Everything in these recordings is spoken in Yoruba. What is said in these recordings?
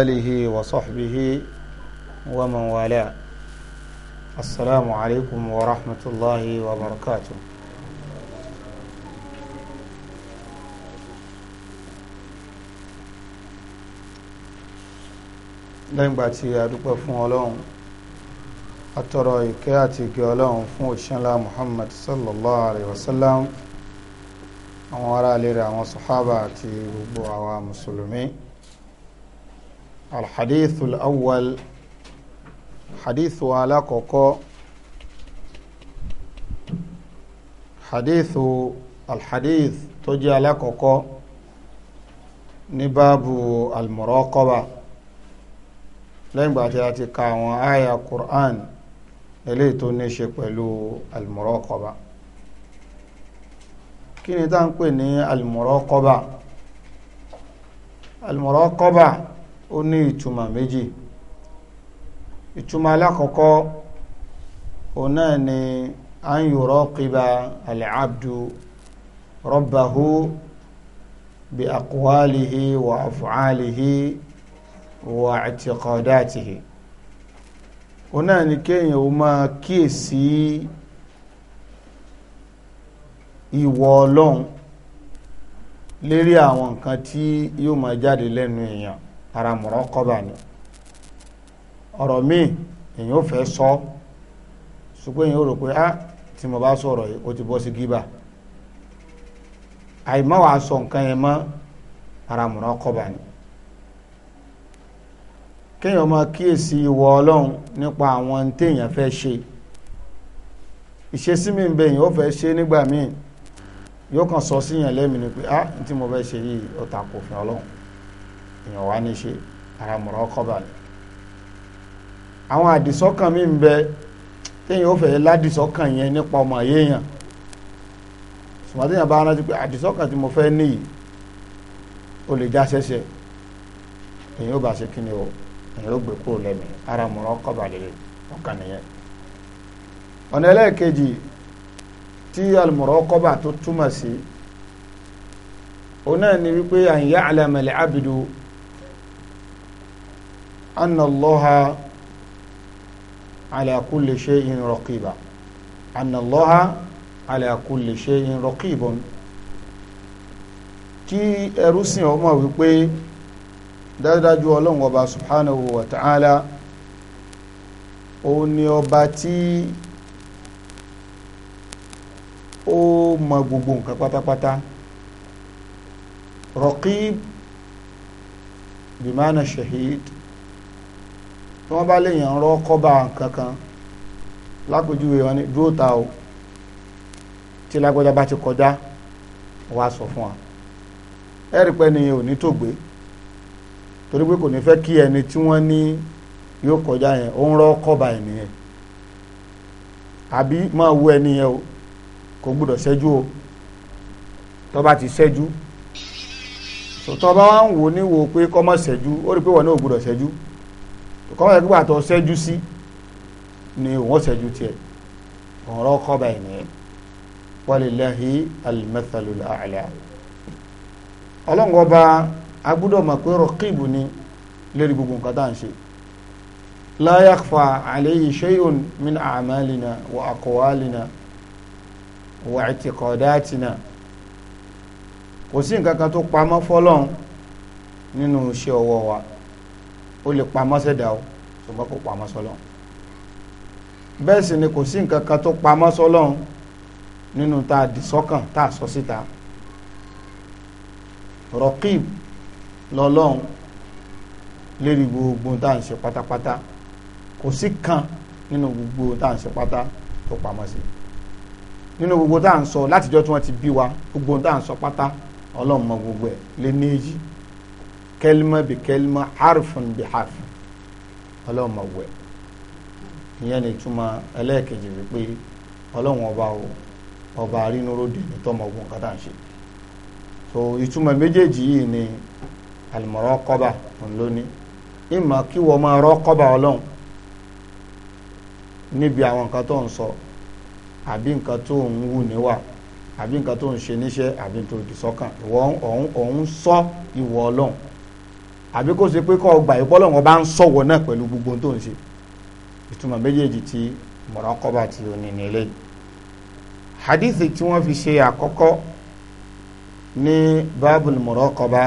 آله وصحبه ومن والاه السلام عليكم ورحمة الله وبركاته lẹ́yìn ìgbà tí a dúpẹ́ fún ọlọ́run a tọrọ ìkẹ́ àti ìgẹ́ ọlọ́run fún òṣìṣẹ́lá Muhammad sallallahu alayhi wa sallam àwọn ará ilé rẹ̀ àwọn sàhábà àti gbogbo àwa mùsùlùmí. الحديث الأول حديث على كوكو حديث الحديث تجي على كوكو نباب المراقبة لين باتياتي كاوان آية قرآن eléyìí tó المراقبة ṣe pẹ̀lú المراقبة المراقبة ni ó ní ìtumọ̀ méjì ìtumọ̀ alákọ̀ọ́kọ́ òun náà ni an yuraqiba al-abdu rabbahu bi aqwalihi wa af'alihi wa i'tiqadatihi òun náà ni kéèyàn ó máa kíyèsí ìwọ ọlọ́run lérí àwọn nǹkan tí yóò máa jáde lẹ́nu èèyàn ara muraqaba ni ọ̀rọ̀ míì èyàn ò fẹ́ sọ ṣùgbọ́n èyàn ò rò pé ah tí mo bá sọ̀rọ̀ yìí ó ti bọ́ sí gíba àìmọ́ wàá sọ nǹkan yẹn mọ́ ara muraqaba ni kéèyàn máa kíyèsí ìwọ ọlọ́run nípa àwọn téèyàn fẹ́ ṣe ìṣesí mi bẹ yìí ó fẹ́ ṣe nígbà míì yóò kàn lẹ́mìí ni ah tí mo fẹ́ ṣe yìí ó ta kò èèyàn wá ní ṣe ara mọ̀rọ̀ kọ́bà ni àwọn àdìsọ́kàn mi ń bẹ téèyàn ó fẹ́ ládìsọ́kàn yẹn nípa ọmọ yéèyàn ṣùgbọ́n téèyàn bá rántí pé àdìsọ́kàn tí mo fẹ́ níyì ó lè já sẹ́sẹ́ èèyàn ó bá ṣe kí ni o èèyàn ó gbé kúrò lẹ́mìí ara mọ̀rọ̀ ọkàn nìyẹn ọ̀nà ẹlẹ́ẹ̀kejì tí tó túmọ̀ sí òun náà أن الله على كل شيء رقيبا أن الله على كل شيء رقيب kí ẹrú sìn ọ mọ̀ wípé dájúdájú ọlọ́run ọba subhanahu wa ta'ala òun ni ọba tí ó mọ̀ gbogbo nǹkan pátápátá raqib bimana shahid tí wọ́n bá léèyàn rọ́ kọ́ba kankan lápèjúwe wọn ni dúró ta o tí lágbọ́já bá ti kọjá wá sọ fún wa ẹ̀rí pẹ́ ni ò ní tògbé torí pé kò ní fẹ́ kí ẹni tí wọ́n ní yóò kọjá yẹn ó ń rọ́ kọ́ba ẹ̀ nìyẹn àbí máa wú ẹni yẹn o kò gbúdọ̀ ṣẹ́jú o tó ti ṣẹ́jú tó bá ń wò níwò pé kọ́mọ̀ ṣẹ́jú ó rí pé wọ́n náà ò gbúdọ̀ ṣẹ́jú kọ́mọ̀ ẹgbẹ́ àtọ̀ ṣẹ́jú sí ni òun ṣẹ́jú tiẹ̀ ọ̀rọ̀ kọ́ba ẹ̀ nìyẹn walilahi al-mathalul a'la ọlọ́ngọ́ bá agbúdọ̀ mọ̀ pé rọ̀kìbù ni lórí gbogbo nǹkan tá à ń ṣe la yakhfa alayhi shay'un min a'malina wa aqwalina wa kò sí nǹkan kan tó pamọ́ fọ́lọ́n nínú iṣẹ́ ọwọ́ wa ó lè pamọ́ sẹ́dá o ṣùgbọ́n kò pamọ́ sọ́lọ́n bẹ́ẹ̀ sì ni kò sí nǹkan kan tó pamọ́ sọ́lọ́n nínú tá a dì sọ́kàn tá a sọ síta rọ́kìb lọ́lọ́run lérí gbogbo tá à ń ṣe pátápátá kò sí kan nínú gbogbo tá à ń ṣe pátá tó pamọ́ sí nínú gbogbo tá à ń sọ látijọ́ tí wọ́n ti bí wa gbogbo tá à ń sọ pátá ọlọ́run mọ gbogbo ẹ̀ lé ní èyí kẹlima bi kẹlima harfun bi harfun ọlọ́run máa wẹ̀ ìyẹn ni túmọ̀ ẹlẹ́ẹ̀kejì wípé ọlọ́run ọba o ọba arínúródì ní tọ́mọ ogun kátà ń ṣe so ìtumọ̀ méjèèjì yìí ni àlùmọ̀rọ̀ kọ́ba òun ló ní ìmọ̀ kí wọ́n máa rọ́ kọ́ba ọlọ́run níbi àwọn nǹkan tó ń sọ àbí nǹkan tó ń wù níwà àbí nǹkan tó ń ṣe níṣẹ́ àbí tó di sọ́kàn ìwọ òun sọ ìwọ ọlọ́run àbí kó ṣe pé kọ́ ọgbà ìpọ́lọ̀ wọn bá ń sọ̀wọ́ náà pẹ̀lú gbogbo tó ń ṣe ìtumọ̀ méjèèjì tí mọ̀rọ́kọ́bà tí ó ní nílé hadithi tí wọ́n fi ṣe àkọ́kọ́ ní babul mọ̀rọ́kọ́bà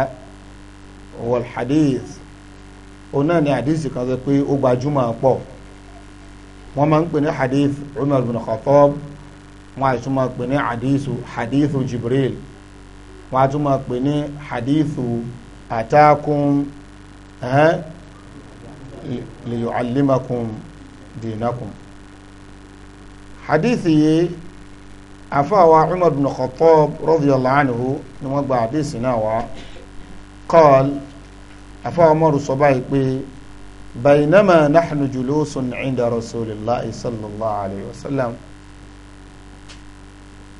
wal hadith òun náà ni hadith kan sọ pé ó gbajúmọ̀ pọ̀ wọ́n máa ń pè ní hadith Umar bin Khattab wọ́n á tún máa pè ní hadithu hadithu Jibril wọ́n á tún máa pè ní hadithu atakum li yu'allimakum dinakum hadithi yìí afaawa Umar bin Khattab radiyallahu anhu ni wọ́n gba hadithi náà wá qal afaawa Umar sọ báyìí pé baynama nahnu julusun inda rasulillahi sallallahu alayhi wa sallam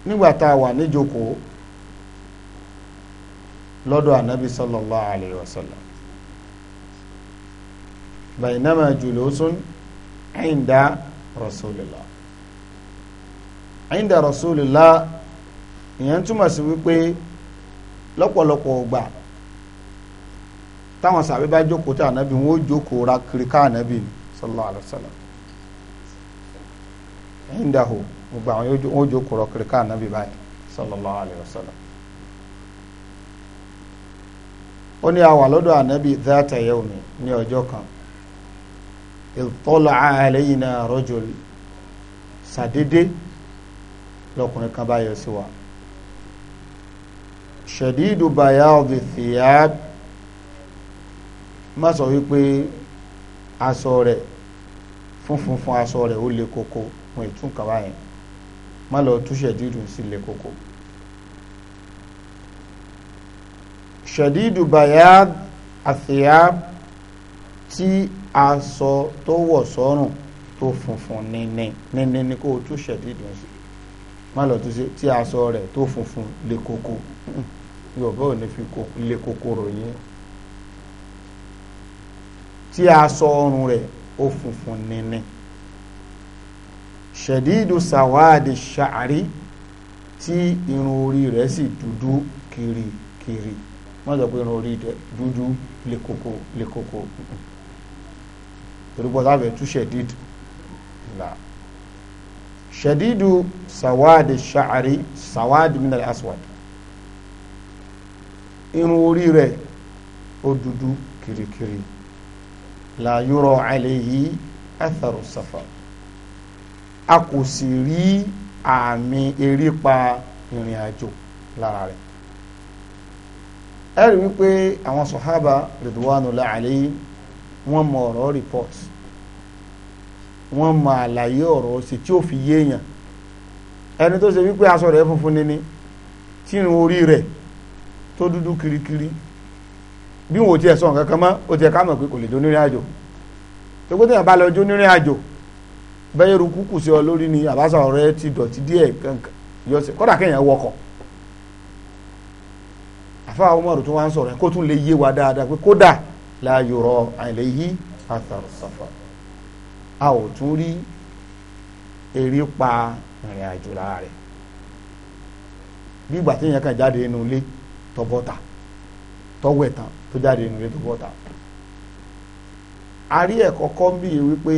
nígbà tá a wà níjókòó lọ́dọ̀ anabi sallallahu alayhi wa sallam bainama julusun inda rasulillah inda rasulillah ìyẹn túmọ̀ sí wípé lọ́pọ̀lọpọ̀ ọgbà táwọn sàbí bá jókòó tí ànábì wọn ó jókòó ra kiri ká ànábì sallallahu alaihi wasallam indahu gbogbo àwọn yóò jókòó ra kiri ká ànábì báyìí sallallahu alaihi wasallam ó ní a lọ́dọ̀ ànábì dhata yawmi ní ọjọ́ kan ìtọ́lá àlẹ́yìn náà rọ́jò sàdédé lọkùnrin kan bá yọ sí wa ṣẹ̀dídù bàyá ọ̀dì fìyà má sọ wípé aṣọ rẹ̀ funfun fún aṣọ rẹ̀ ó le koko fún ìtún kaba yẹn má lọ tú ṣẹ̀dídù sí le koko ṣẹ̀dídù bàyá àfìyà tí aṣọ tó wọ̀ sọ́rùn tó funfun níní níní ni kó o tún ṣẹ̀dídì sí má lọ tún ṣe tí aṣọ rẹ̀ tó funfun lè koko yorùbá ò ní fi lè kòkòrò yẹn tí aṣọ ọrùn rẹ̀ ó funfun níní ṣẹ̀dídù sàwáàdì ṣàárí tí irun orí rẹ̀ sì dúdú kirikiri wọ́n sọ pé irun orí dúdú lè koko lè koko torí pọ̀ sáfẹ́ tú ṣẹ̀dídù là ṣẹ̀dídù sàwádìí ṣàárí sàwádìí minal aswad irun orí rẹ̀ ó dúdú kirikiri la yúrọ̀ àìlèyí atharu safar a kò sì rí àmì erípa ìrìn àjò lára rẹ̀ ẹ rí wípé àwọn sọ̀hábà ridwanullahi alayhi wọ́n mọ ọ̀rọ̀ report wọ́n mọ àlàyé ọ̀rọ̀ ṣe tí ó fi yéèyàn ẹni tó ṣe wípé aṣọ rẹ̀ funfun ni ni tí irun orí rẹ̀ tó dúdú kirikiri bí wọn ò tiẹ̀ sọ nǹkan kan mọ́ ó tiẹ̀ ká mọ̀ pé kò lè jó nírìn àjò tó gbé téèyàn bá lọ jó nírìn àjò bẹ́ẹ̀ rukú kù sí ọ lórí ni àbáṣà ọ̀rẹ́ ti dọ̀tí díẹ̀ kankan yọ sí kódà kéèyàn wọkọ̀ àfáà Umaru tó wá ń sọ̀rọ̀ kó tún lè yé wa dáadáa pé kódà la yọrọ alayhi athar safar a ò tún rí eré pa ìrìn àjò lára rẹ̀ bí ìgbà tí èèyàn kan jáde inú ilé tọbọta tọwẹ tán tó jáde inú ilé tọbọta a rí ẹ̀kọ́ kọ́ ń bí wípé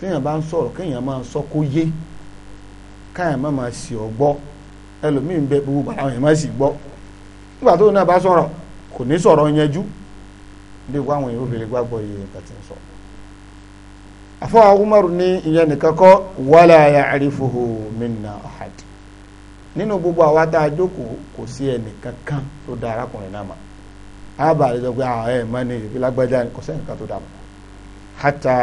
téèyàn bá ń sọ̀rọ̀ kéèyàn máa sọ kó yé káyàn má máa sì ọ́ gbọ́ ẹlòmíín bẹ gbogbo bàtà wọn yẹn má sì gbọ́ nígbà tó náà bá sọ̀rọ̀ kò ní sọ̀rọ̀ yanjú bí wáwọn èèyàn obìnrin gbàgbọ́ iye nǹkan ti ń sọ afọwọ́ umaru ní ìyẹn nìkan kọ́ wala ya'rifuhu minna ahad nínú gbogbo àwa tá a jókòó kò sí ẹnìkan ah, kan tó da arákùnrin náà mà á bà á lọ pé àwọn ẹ̀ mọ́ ni ìbí lágbájá kò sẹ́yìn kan tó dà mọ́ hatta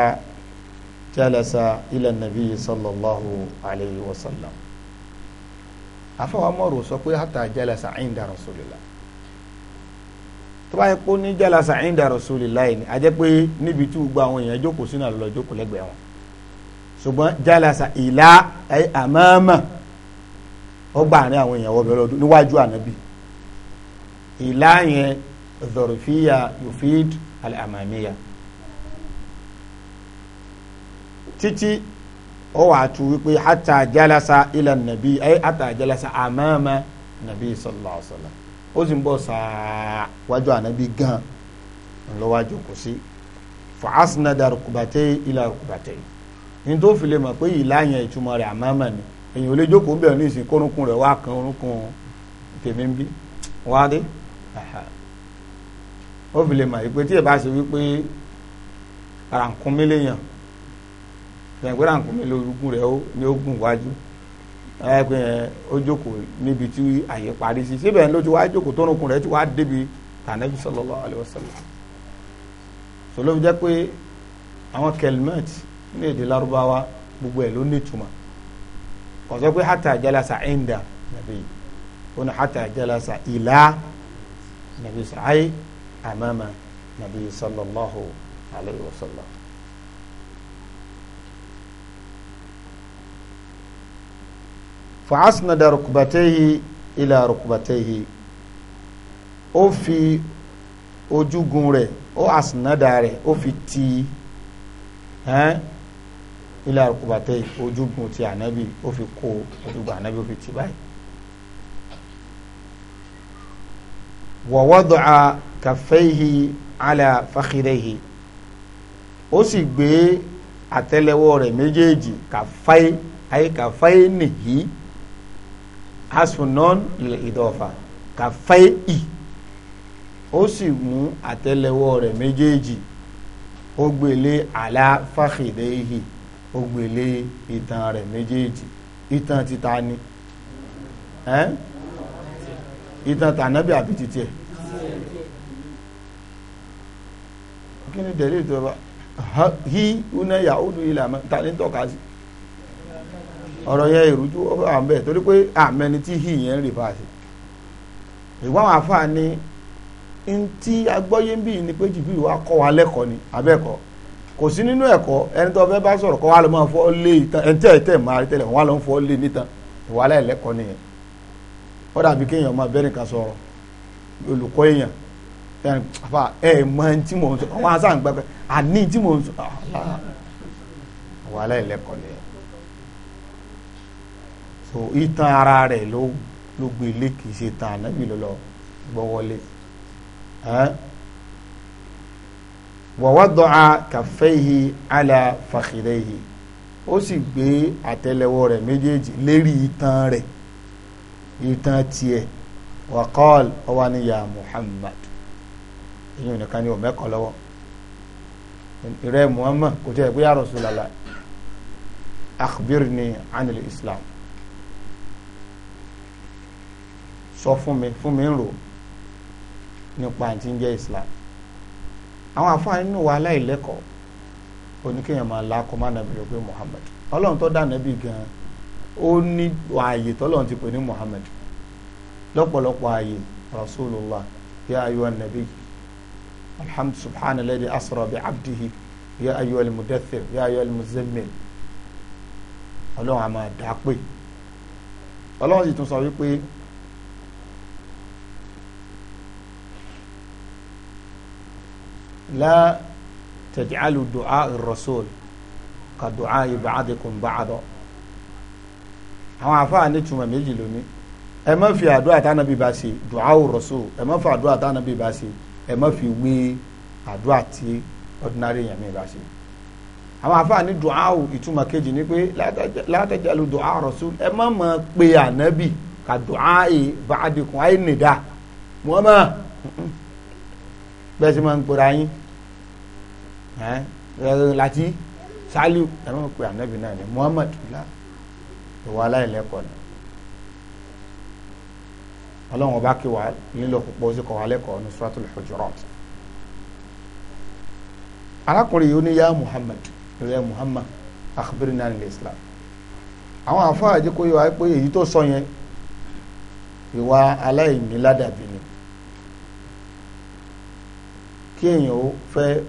jalasa ila nabi sallallahu alayhi wa sallam afọwọ́ sọ pé hatta jalasa inda rasulillah tó bá yẹ pé ní jalasa inda rasulillahi ni a jẹ́ pé níbi tí gbogbo àwọn èèyàn jókòó sínú àlọ́ jókòó lẹ́gbẹ̀ẹ́ wọn ṣùgbọ́n jalasa ìlà ẹ̀ àmọ́ọ́mọ́ ó gbà àárín àwọn èèyàn wọ́n bẹ̀rẹ̀ ọdún níwájú ànábì ìlà yẹn zorofiya yufid al-amamiya títí ó wà á tu wípé hatta jalasa ila nàbí ẹ̀ hatta jalasa àmọ́ọ́mọ́ nàbí sallallahu ó sì ń bọ̀ sàá wájú ànábì gan ńlọ́wájú kò sí fàásínàdà rùkùbàtẹ́ ilà rùkùbàtẹ́ ní tó fi lè mọ̀ pé ìlà yẹn ìtumọ̀ rẹ̀ àmàmà ni èyàn ò lè jókòó bẹ̀rẹ̀ ní ìsìn kórùnkùn rẹ̀ wá kan orúnkún tèmi ń bí wá dé ó fi lè mọ̀ pé tí ẹ bá ṣe wípé rànkúnmí lèèyàn fẹ̀yìn pé rànkúnmí lórúkún rẹ̀ ni ó gùn wájú ẹ pé ó jókòó níbi tí àyè parí sí síbẹ̀ ló ti wá jókòó tó nukun rẹ̀ ti wá débi tànàbí sallallahu alaihi wasallam sọlọ fi jẹ́ pé àwọn kẹlmẹ́t ní èdè Lárúbáwá gbogbo ẹ̀ ló ní ìtumọ̀ kò sọ pé hata jalasa inda nàbí ó ní hata jalasa ìlà nàbí sàáyé àmàmà nàbí sallallahu alaihi fàásìnàdà rukbatayhi ila rukbatayhi ó fi ojúgun rẹ̀ ó àsìnàdà rẹ̀ ó fi ti hẹ́n ila rukbatayhi ojúgun ti ànábì ó fi kó ojúgun ànábì ó fi ti báyìí. wa wada'a kàfẹ́yìí ala fakhidayhi ó sì gbé àtẹ́lẹwọ́ rẹ̀ méjèèjì kàfáì àyíkàfáì nìyí hasfun non lil idofa ka fẹ́ i ó sì mú àtẹ́lẹwọ́ rẹ̀ méjèèjì ó gbélé àlá fàkìdéhì ó gbélé itan rẹ̀ méjèèjì itan títa ni itan tànábì àbí títí ẹ̀ kí ni dẹ̀lé ìtura hi una yahudu ilà mẹ́ta ní tọ́ka sí i ọ̀rọ̀ yẹn ìrújú wà ń bẹ torí pé àmẹni tí hì yẹn ń rè fà ìwọ́n àwọn àfáà ni ntí agbọ́yé ń bì ní pé jìbìrì wa kọ́ wa lẹ́kọ̀ọ́ ni abẹ́kọ̀ọ́ kò sí nínú ẹ̀kọ́ ẹni tó fẹ́ bá sọ̀rọ̀ kọ́ wa ló máa fọ́ lé ìtàn ẹni tí ẹ̀tẹ̀ máa rí tẹ́lẹ̀ wọ́n á lọ ń fọ́ lé nítan ìwà aláìlẹ́kọ̀ọ́ nìyẹn ó dàbí so ìtàn ara rẹ̀ ló ló gbé lé kì í ṣe tàn ànábì lọ́lọ́ gbọ́wọ́lé wàwádọ́a kàfẹ́yì àlà fàkìrẹ́yì ó sì gbé àtẹ́lẹwọ́ rẹ̀ méjèèjì lérí ìtàn rẹ̀ ìtàn tiẹ̀ wàkọ́ọ̀l ọwá níyà Muhammad ìyẹn nìkan ni ò mẹ́kọ̀ọ́ lọ́wọ́ Muhammad kò tẹ́ ẹ̀ pé akhbirni anil Islam sọ fún mi fún mi ń rò nípa àti ń jẹ́ Islam àwọn àfáà nínú wa aláìlẹ́kọ̀ọ́ oníkéèyàn máa la kọ́ mánàbí rẹ̀ pé Muhammad ọlọ́run tó dànù bí gan-an ó ní ààyè tọ́lọ́run ti pè ní Muhammad lọ́pọ̀lọpọ̀ ààyè Rasulullah ya ayyuha nabi alhamdu subhana alladhi asra bi abdihi ya ayyuha almudaththir ya ayyuha almuzammil ọlọ́run a máa dá pé ọlọ́run sì tún sọ wípé. لا تجعلوا دعاء الرسول rasul ka du'a ba'dikum ba'da àwọn àfáà ní túmọ̀ méjì lónìí ẹ má fi àdúrà tánàbí bá ṣe du'a ar-rasul ẹ má fi àdúrà tánàbí bá ṣe ẹ má fi wé àdúrà tí ordinary èèyàn mi bá ṣe àwọn àfáàní duawu ìtumọ̀ kejì ni pé látẹ̀jẹ̀lu duawu rasul ẹ má mọ̀ pé ànábì ka duawu ba'dikum àyè nìdá wọ́n mọ̀ bẹ́ẹ̀ sì máa ń pera yín láti saliu ẹ máa pe anabi náà ni muhammad la ìwà aláìlẹ́kọ̀ọ́ ni ọlọ́run ọba kí wa nílò púpọ̀ sí kọ́ wa lẹ́kọ̀ọ́ ní suratul hujurat arákùnrin yìí ó ní yá muhammad rẹ muhammad akhbirna anil islam àwọn àfáà jẹ́ kó yọ wáyé pé èyí tó sọ yẹn ìwà aláìní ni kí èèyàn ó fẹ́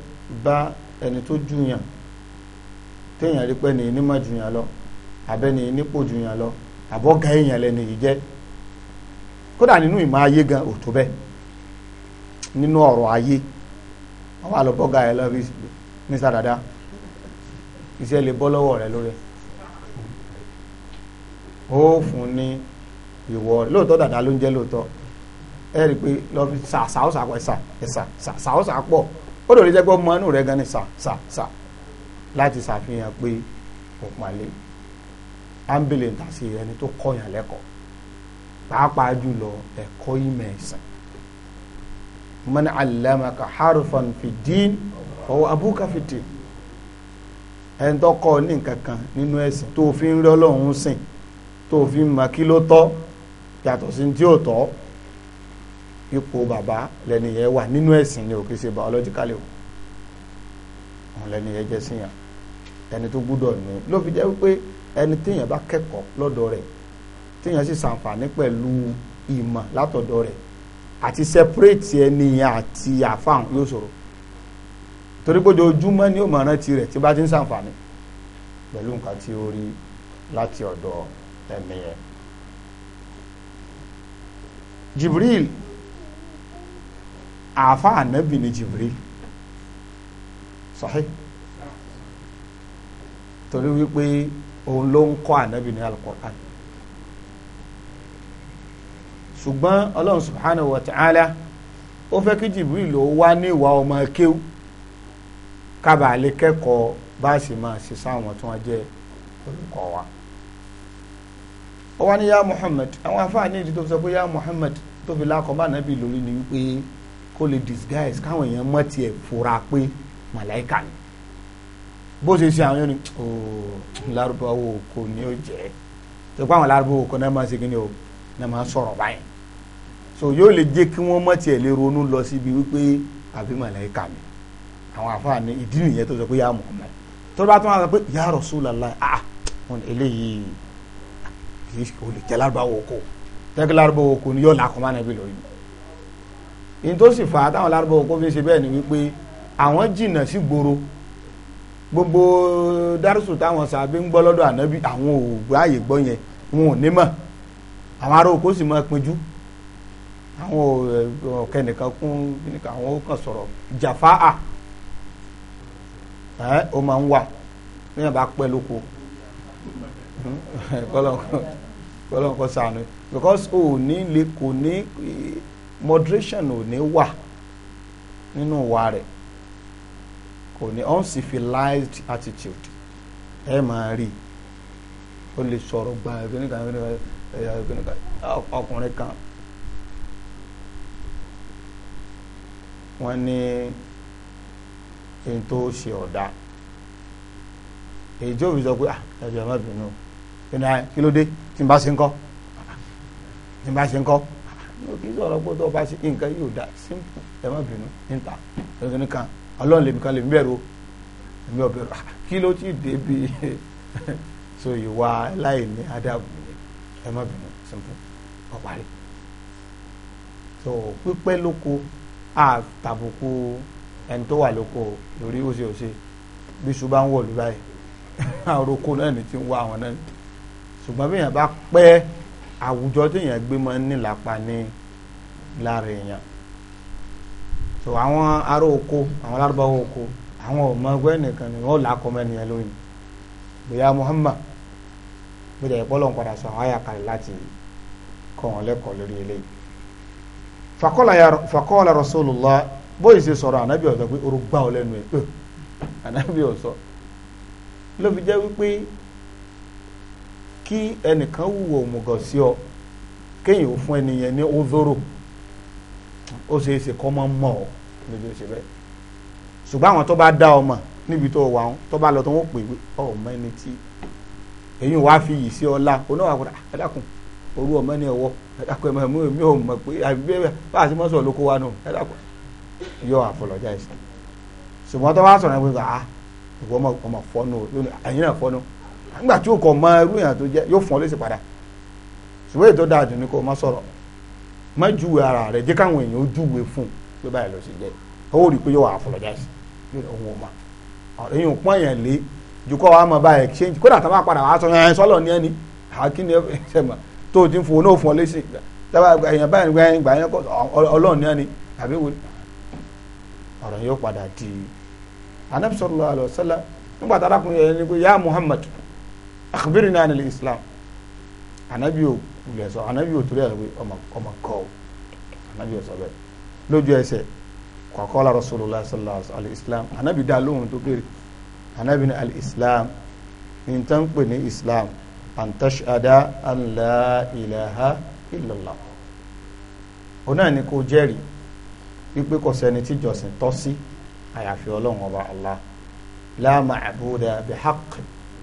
bá ẹni tó júyàn téèyàn rí pé nìyí nímọ̀ lọ àbẹ́ nìyí nípò lọ àbọ̀gá èèyàn lẹ́nu yìí jẹ́ kódà nínú ìmọ̀ ayé gan ò tó bẹ́ẹ̀ nínú ọ̀rọ̀ ayé wọ́n wà lọ bọ́gá ẹ lọ́ọ́ ní dada iṣẹ́ lè bọ́ lọ́wọ́ rẹ lórí ó fún ní ìwọ lóòótọ́ dàda ló ń jẹ́ lóòótọ́ ẹ rí i pé fi pọ̀ ó dòlè jẹ́ pé ọmọ inú rẹ̀ gan ni sà sà sà láti ṣàfihàn pé òpàlẹ́ ambulance tàṣí ẹni tó kọ̀yàn lẹ́kọ̀ọ́ pàápàá jùlọ ẹ̀kọ́ ìmọ̀ ẹ̀sìn man alamaka harfan fi din ọwọ́ abúkà fi din ẹni tó kọ́ ní nǹkan kan nínú ẹ̀sìn tó fi ń rí ọlọ́run sìn tó fi ń mọ kí ló tọ́ yàtọ̀ sí ti ò tọ́ ipò bàbá lẹ́ni yẹn wà nínú ẹ̀sìn ni òkè ṣe biologically o òun lẹ́ni yẹn jẹ́ síyàn ẹni tó gbúdọ̀ ní ló fi jẹ́ wípé ẹni téèyàn bá kẹ́kọ̀ọ́ lọ́dọ̀ rẹ̀ téèyàn sì ṣàǹfààní pẹ̀lú ìmọ̀ látọ̀dọ̀ rẹ̀ àti separate ẹni yẹn àti àfáàn yóò ṣòro torí pé ojoojúmọ́ ni ó mọ̀ rántí rẹ̀ tí bá ti ń ṣàǹfààní pẹ̀lú nǹkan tí ó rí láti ọ̀dọ̀ ẹni yẹn Jibril àfa ànábì ni Jibril sahih torí wípé òun ló ń kọ́ ànábì ní alukur'an ṣùgbọ́n ọlọ́run subhanahu wa ta'ala ó fẹ́ kí Jibril ó wá ní ìwà ọmọ kéwù kábàá lè kẹ́kọ̀ọ́ bá a sì máa ṣe sáwọn tí wọ́n jẹ́ olùkọ́ wa ó wá ní yá Muhammad àwọn afáàní ìdí tó sọ pé yá Muhammad tó fi lákọ̀ọ́ bá ànábì lórí ni wípé kó lè disguise káwọn èèyàn mọ̀ tiẹ̀ fura pé màláìka ni bó ṣe ṣe àwọn yóò ní ooo lárúbáwò kò ní ó jẹ́ tó pa àwọn lárúbáwò kò náà máa ṣe kí o náà máa sọ̀rọ̀ báyìí so yóò lè jẹ́ kí wọ́n mọ̀ tiẹ̀ lè ronú lọ síbi wípé àbí màláìka ni àwọn àfààní ìdí nìyẹn tó sọ pé yá Muhammad tó bá tó wọn sọ pé yá Rasulullah ah wọn eléyìí kì í ṣe olè jẹ́ lárúbáwò kò tẹ́kí lárúbáwò kò ní yóò làkọ́ in tó sì fà á táwọn lárúbọ òkú fi ṣe bẹ́ẹ̀ ni wípé àwọn jìnnà sí gbòòrò gbogbo dárúsù táwọn sàbí ń gbọ́ lọ́dọ̀ ànábì àwọn ò gbáàyè gbọ́ yẹn wọn ò ní mọ̀ àwọn ará òkú sì máa pinjú àwọn ọ̀kẹ́ nìkan kún nìkan àwọn ó kàn sọ̀rọ̀ jàfáà ẹ̀ ó máa ń wà ní ẹ̀ bá pẹ́ lóko kọ́lọ́kọ́ sànù because ò ní lè kò ní moderation ò ní wà nínú wa rẹ̀ kò ní uncivilized attitude ẹ máa rí o lè sọ̀rọ̀ gba ìgbéníkà ìgbéníkà ọkùnrin kan wọ́n ní ẹni tó ṣe ọ̀dà èyí tí ó fi sọ pé ah, ẹ̀jẹ̀ má bínú kí ló dé tí n bá ṣe ń kọ́ tí n bá ṣe ń kọ́ kì í sọ̀rọ̀ pé tó o bá ṣe nǹkan yóò dá simple ẹ má bínú níta lọ́sọ̀ nìkan ọlọ́run lèmi kan lèmi bẹ̀rù èmi ò bẹ̀rù ah, kí ló ti dé bí so ìwà láì ní adágún yẹn ẹ má bínú simple ó parí so pípẹ́ lóko àtàbùkù ẹni tó wà lóko lórí òṣè òṣè bí iṣu bá ń wọ̀ lóra ẹ̀ àròkọ náà ni ti ń wá àwọn náà ṣùgbọ́n bí èèyàn bá pẹ́ àwùjọ téèyàn gbé máa ń nílapa ní lára èèyàn so àwọn ará oko àwọn oko àwọn ọmọ ẹgbẹ́ nìkan ni lóyún bóyá Muhammad bóyá ìpọ́lọ̀ ń padà sọ àwọn àyàkàlẹ̀ láti kọ wọn lẹ́kọ̀ọ́ lórí eléyìí fakọ́ọ̀lá rasulillah bóyìí ṣe sọ̀rọ̀ ànábì ọ̀sọ́ pé orúgbà ọ̀lẹ́nu ẹ̀ anabi fi wípé kí ẹnìkan wùwọ̀ òmùgọ̀ sí ọ kéèyàn ò fún ẹnìyẹn ní ozoro ó ṣeé ṣe kọ́ mọ́ mọ́ ọ níbi òṣè bẹ́ẹ̀ ṣùgbọ́n àwọn tó bá dá ọmọ níbi tó wà wọn tó bá lọ tó wọn pè é ọmọ ẹni tí èyí wàá fi yìí sí ọlá onáwà kúrò ẹ dákun orú ọmọ ẹni ọwọ ẹ dákun ẹmọ ẹmọ mi ò mọ̀ pé àbí bá a ti mọ sọ lóko wa nù ẹ yọ àfọlọjà ẹsẹ ṣùgbọ́n tó bá sọ̀rọ̀ ẹ ah ìwọ ọmọ fọ́nù nígbà tí o kò mọ irú èèyàn tó jẹ́ yóò fún ọ lésì padà ṣùgbọ́n ètò dáa jù ni kò má sọ̀rọ̀ má júwe ara rẹ̀ jẹ́ káwọn èèyàn ó júwe fún pé báyìí lọ sí jẹ́ ó rí i pé yóò wà àfọlọ́jáìsì òun ò mà èèyàn ò pọ́n èèyàn lé ju kọ́ wa mọ̀ bá exchange kódà tá a bá padà wá sọ ẹ̀ sọ́lọ̀ ní ẹni àkíní ẹ̀ mà tó o ti ń fún o náà fún ọ lésì tábà èèyàn báyìí gba ẹ̀yìn gbà ẹ̀yìn kọ́ ọlọ́run ní ẹni àbí wo ọ̀rọ̀ yóò padà di anabi sallallahu alaihi wasallam nígbà tá a dákun yẹn ni pé yá Muhammad akhbirna anil islam anabi ò wulẹ̀ sọ anabi ò torí ẹ̀rọ ọmọ kọ́ ọ anabi ò sọ bẹ́ẹ̀ lójú ẹsẹ̀ kọ́kọ́lá rasulullah sallallahu alayhi wa sallam anabi dá lóhùn tó kéré anabi ní al-islam nǹkan pè ní islam an tashhada an la ilaha illallah ó náà ní kó jẹ́rìí wípé kò sẹ́ni tí jọ̀sìn tọ́ sí àyàfi ọlọ́run ọba allah la ma'buda bihaqq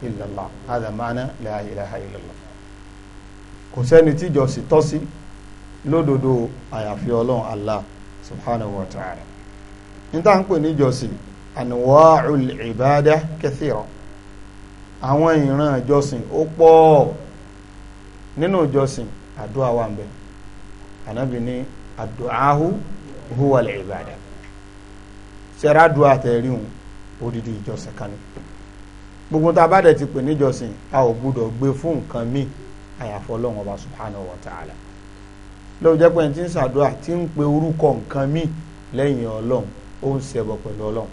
illallah hada maana la ilaha illallah kò sẹ́ni tí ìjọsìn tọ́ sí lódodo àyàfi ọlọ́run allah subhanahu wa ta'ala níta ń pè ní ìjọsìn anwa'ul ibada kathira àwọn ìran ìjọsìn ó pọ̀ nínú ìjọsìn àdúrà wà ń bẹ ànábì ní àdúràhù huwal ibada sẹ́ràdùá tẹ̀ríhùn odidi ìjọsìn kan ni gbogbo tá a bá dẹ̀ ti pè níjọsìn a ò gbúdọ̀ gbé fún nǹkan míì àyàfọ́ ọlọ́run ọba subhanahu wa ta'ala lóò jẹ́ pé ẹni tí ń ṣàdúrà tí ń pe orúkọ nǹkan míì lẹ́yìn ọlọ́run ó ń ṣẹbọ pẹ̀lú ọlọ́run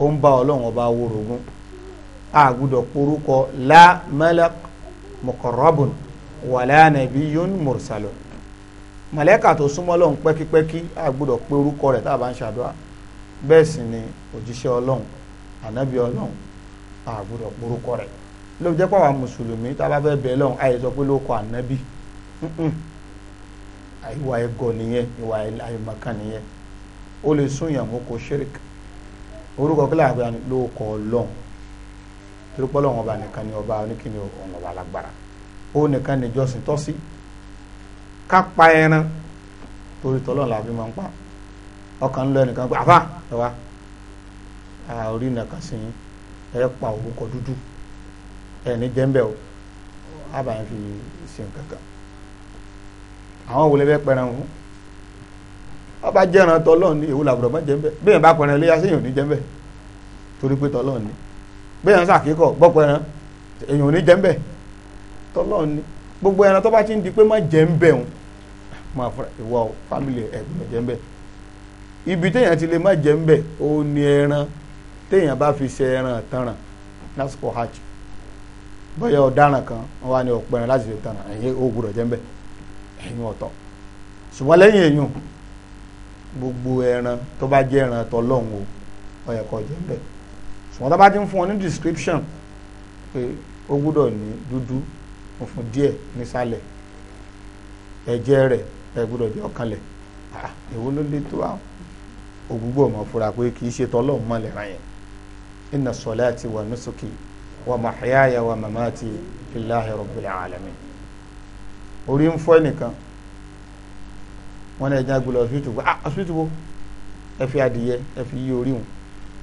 ó ń bá ọlọ́run ọba wórogún a gbúdọ̀ porúkọ la malak muqarrabun wàlá nabiyyun mursalun màlẹ́kà tó súnmọ́ ọlọ́run pẹ́kípẹ́kí a gbúdọ̀ pe orúkọ rẹ̀ tá a bá ń ṣàdúrà bẹ́ẹ̀ sì ni òjíṣẹ́ ọlọ́run ànábì ọlọ́run àgbọ̀dọ̀ porúkọ rẹ̀ ló jẹ́ pọ̀ àwọn mùsùlùmí tá a bá fẹ́ bẹ̀ẹ́ lọ́hùn àyè sọ pé ló kọ ànábì ìwà ẹ̀gọ́ nìyẹn ìwà àìmọ̀kan nìyẹn ó lè sún yàn mú kó ṣíríkì orúkọ kílà àgbà ló kọ ọlọ́hùn torípọ́ lọ́hùn ọba nìkan ni ọba oníkìní ọ̀hún ọba alágbára ó nìkan ni ìjọsìn tọ́ sí ẹran torí tọ́lọ́hùn làbí máa ń pa ọkàn ń lọ ẹnìkan pé àbá ẹ wá orí nìkan sí yín ẹ pa orúkọ dúdú ẹ ní jẹ́ńbẹ́ o àbáyé fi ṣe nǹkan kan àwọn wòlé bẹ́ẹ̀ pẹran o ọba jẹ́ran tọ́lọ́ọ̀ ní èwo làbùrọ̀ mọ́ jẹ́ńbẹ́ bẹ́ẹ̀ bá pẹran iléyà sẹ́yìn ò ní jẹ́ńbẹ́ torí pé tọ́lọ́ọ̀ ní bẹ́ẹ̀ ń sàkíkọ̀ gbọ́ pẹran èyàn ò ní jẹ́ńbẹ́ tọ́lọ́ọ̀ ní gbogbo ẹran tó bá ti ń di pé má jẹ́ńbẹ́ máa fura ìwọ fámìlì ẹ̀gbọ́n jẹ́ńbẹ́ ibi téèyàn ti lè má ó ní ẹran téèyàn bá fi ṣe ẹran tanràn lásìkò hajj bóyá ọ̀daràn kan wà ní ọ̀pẹ̀rẹ̀ láti fi tanràn ẹ̀yìn ògùrọ̀ jẹ́ ẹ̀yìn ọ̀tọ̀ ṣùgbọ́n lẹ́yìn èèyàn gbogbo ẹran tó bá jẹ́ ẹran o ọ̀yẹ̀ kọ́ ṣùgbọ́n tó fún ọ ní description pé ó gbúdọ̀ ní dúdú díẹ̀ nísàlẹ̀ inna salati wa nusuki wa mahyaya wa mamati lillahi rabbil alamin orí ń fọ́ ẹnìkan wọ́n ní ẹja gbọ́dọ̀ ọsibítù bó ah ọsibítù bó ẹ fi adìyẹ ẹ fi yí orí wọn